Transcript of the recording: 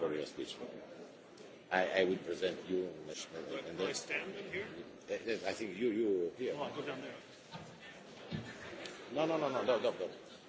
Korea speech. I, I will present you. And Do I stand here? I think you, you here. No, I go down there. No, no, no, no, no, no. no.